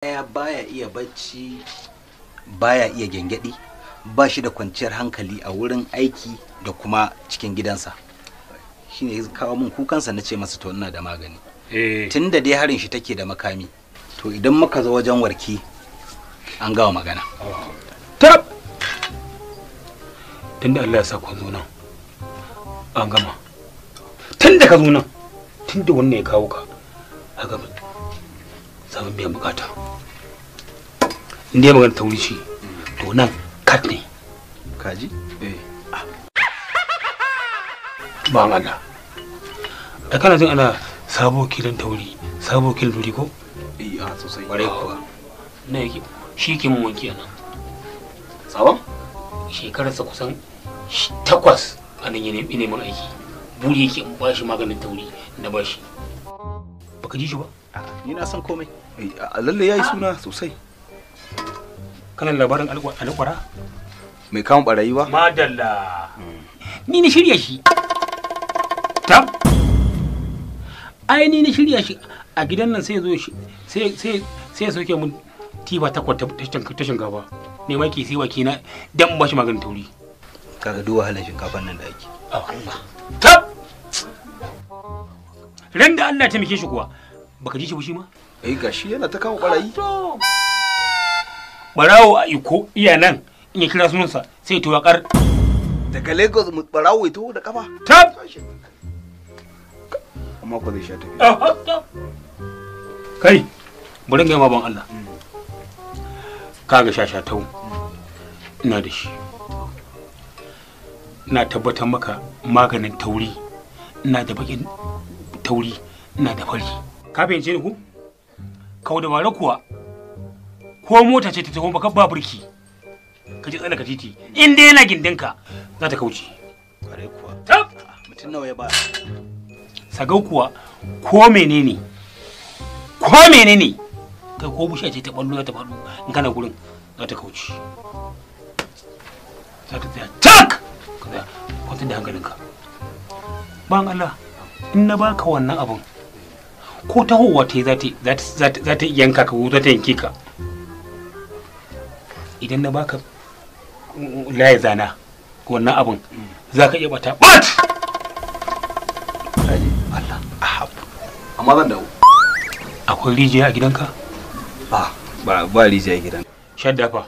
ɗaya baya iya bacci baya iya gyangyaɗi ba shi da kwanciyar hankali a wurin aiki da kuma cikin gidansa shi ne kawo min kukansa na ce masa to ina da magani eh. tun da dai harin shi take da makami to idan muka zo wajen warki an gawa magana tab tun da Allah ya sa ku zo nan an gama tun da ka zo nan tun da wannan ya kawo ka a gaba samu biyan bukata in dai magana tauri shi to nan kat ne kaji eh ba Allah da kana jin ana sabo kilin tauri sabo kilin tauri ko eh a sosai bare kuwa ne yake shi ke mun wanki anan sabon shekarar sa kusan takwas a nan yana neman aiki buri yake in ba maganin tauri na ba shi baka ji shi ba ni na san komai eh, lalle yayi suna sosai kana labarin alƙwara mai kawon barayi ba madalla hmm. ni ni shirya shi tab ai ni ni shirya shi a gidan nan sai zo sai sai sai soke mun tiba ta kwata ta shinkafa ne ma ke siwa kina dan ba shi maganin tauri kaga duwa halin shinkafan nan da ake oh, tab ran da Allah ta mike shi kuwa baka ji shi ba shi ma eh gashi yana ta kawo barayi barawo a iko iya nan in ya kira sunansa sai ta wakar daga lagos mu barawo ito da kafa tab amma ko zai sha tafiya ah, ah, ah. kai bari mm. ga ban Allah kaga shashatau ina da shi ina tabbatar maka maganin tauri ina da bakin tauri ina da fari ka fahimce ni ku kau da bare kuwa ko mota ce ta taho baka ba burki ka ji ka titi in dai yana gindinka za ta kauce bare kuwa tab mutum nawa ya ba sagau kuwa ko menene ko menene kai ko bushe ce ta ballo ta ballo in kana gurin za ta kauce za ta tsaya tak ka tsaya kwantar da hankalinka ban Allah in na baka wannan abun ko tahowa ta yi za ta yanka ka za ta yanki ka idan na baka laye zana wannan abin za ka iya bata bat Allah amma zan dawo akwai rijiya a gidanka ba ba rijiya a gidan shadda fa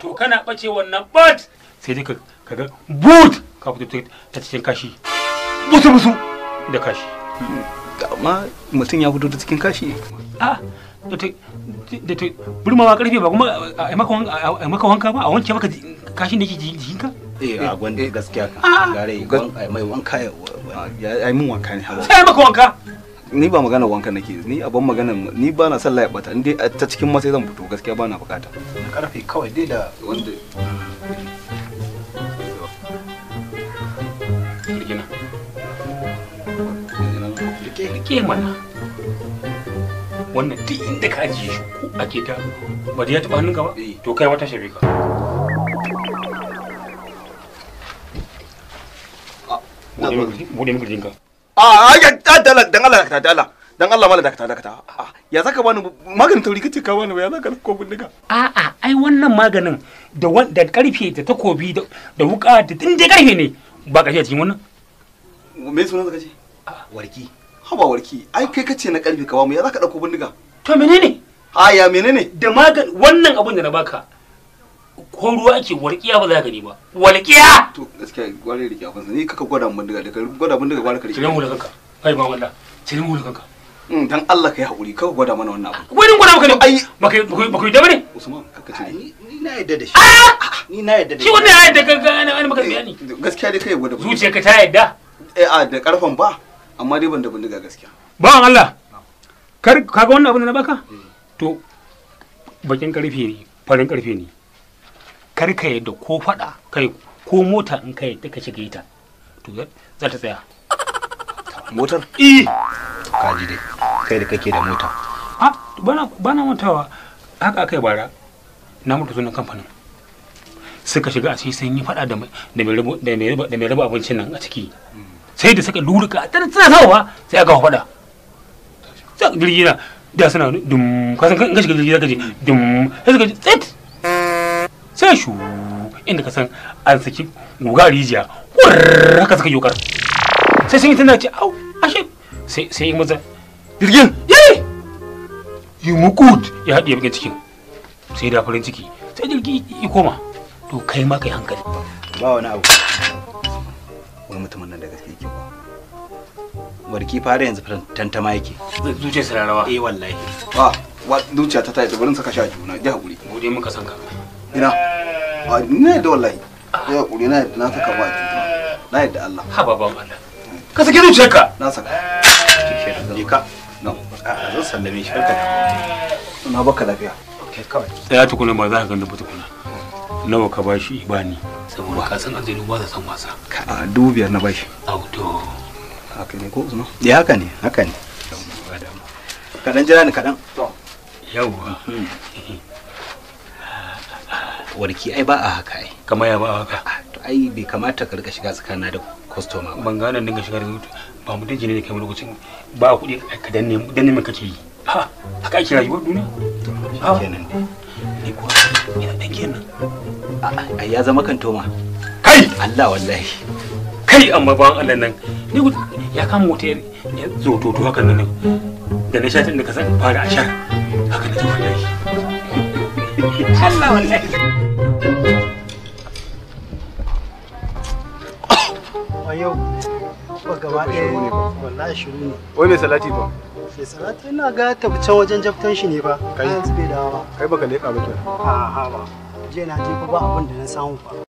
to kana bace wannan bat sai dai ka ga but ka fito ta cikin kashi busu busu da kashi hmm. amma mutum ya fito da cikin kashi a ah, da ta burma ba karfe ba kuma a maka wanka ba a wanke maka kashin da ke ka? eh a gwanda eh, gaskiya ka ah, gare mai wanka ya yi mun wanka ne sai maka wanka ni ba magana wanka nake ni abin magana ni ba na sallah ya bata ni dai ta cikin masai zan fito gaskiya ba na bukata karfe kawai dai da wanda mana wannan duk inda ka ajiye shi ko a keta ba da ya taɓa hannunka ba eh. to kai wata shabe ka ah, bude miki jinka a ah, ah, ya tadala dan Allah ka tadala dan Allah mala ka ya zaka bani maganin tauri kace ka bani ya zaka ko a a ai wannan maganin da da karfe da takobi da wuka da din dai karfe ne ba kashe cikin wannan me sunan zaka ce warki haba warki ai kai kace na karfi ka ba mu ya zaka dauko bindiga to menene aya menene da magan wannan abun da na baka ko ruwa ake warkiya ba za ka gani ba warkiya to gaskiya gwarin rike abun sai kaka gwada mun daga daga gwada mun daga gware ka rike cire mu da kanka kai ma wallah cire mu da kanka in mm, dan Allah kai hakuri kaka gwada mana wannan abu wani gwada maka ne ai baka baka yadda bane Usman kaka cire ni na yadda da shi ni na yadda da shi ki wannan ya yadda kanka ana maka eh, bayani gaskiya dai kai gwada zuciyarka ta yadda eh a da karfan ba amma dai ban da bindiga gaskiya bawan Allah kar kaga wannan abin da na baka eh. to bakin karfe ne farin karfe ne kar ka yadda ko fada kai ko mota in ka yadda ka shiga ita to za ta tsaya motar eh ji dai kai da kake da mota a ah, bana bana mutawa haka akai bara na mutu sunan kamfanin suka shiga a sai sun yi fada da mai da mai raba abincin nan a ciki mm. sai da saka lurika tana tana sawa sai aka faɗa sai jirgi na da suna dum ka san ka shiga jirgi zaka je dum sai suka ji tsit sai shu inda ka san an saki guga rijiya wurr haka suka yokar sai sun yi tana ce au ashe sai sai maza jirgin yi yi mukut ya ya bakin cikin sai da farin ciki sai jirgi ya koma to kai ma kai hankali ba wani abu wani mutumin nan da gaske yake ba warki fara yanzu tantama yake zuciya sararawa eh wallahi wa wa zuciya ta tayi barin saka shaji na ji hakuri gode muka san ka ina ba ne da wallahi ya hakuri na na saka ba ki na yadda Allah ha baban Allah ka saki ka, na saka ki ka no a zo sallame shi ka na baka lafiya kai kawai y'a tukuna ba za ka ganda ba tukuna nawa ka bashi bani saboda ka san azumi ba za san wasa a dubiyar na bashi auto haka ne ko usman ya eh, haka ne haka ne kaɗan jira ni kaɗan to yawa hmm. warki ai ba a haka ai kamar ya ba a haka to ai bai kamata ka rika shiga tsakanin da customer ba ban gane dinga shiga da ba mu dinje ne da kai lokacin ba kuɗi ka danne danne mai kake yi ha haka ake rayuwar duniya to kenan dai Ai ya zama kan toma. Kai! Allah wallahi. Kai amma ban Allah nan. Ni ya kama wata ya zototo haka nan. Da na shatin da ka san fara a shar. Haka na ji wallahi. Allah wallahi. Ayau. Ba gaba ɗaya wallahi shiru ne. Wai mai salati ba? Mai salati na ga tabbace wajen jaftan shi ne ba. Kai. Kai baka leƙa ba kenan. A'a ba. 这两天不怕，不能上火。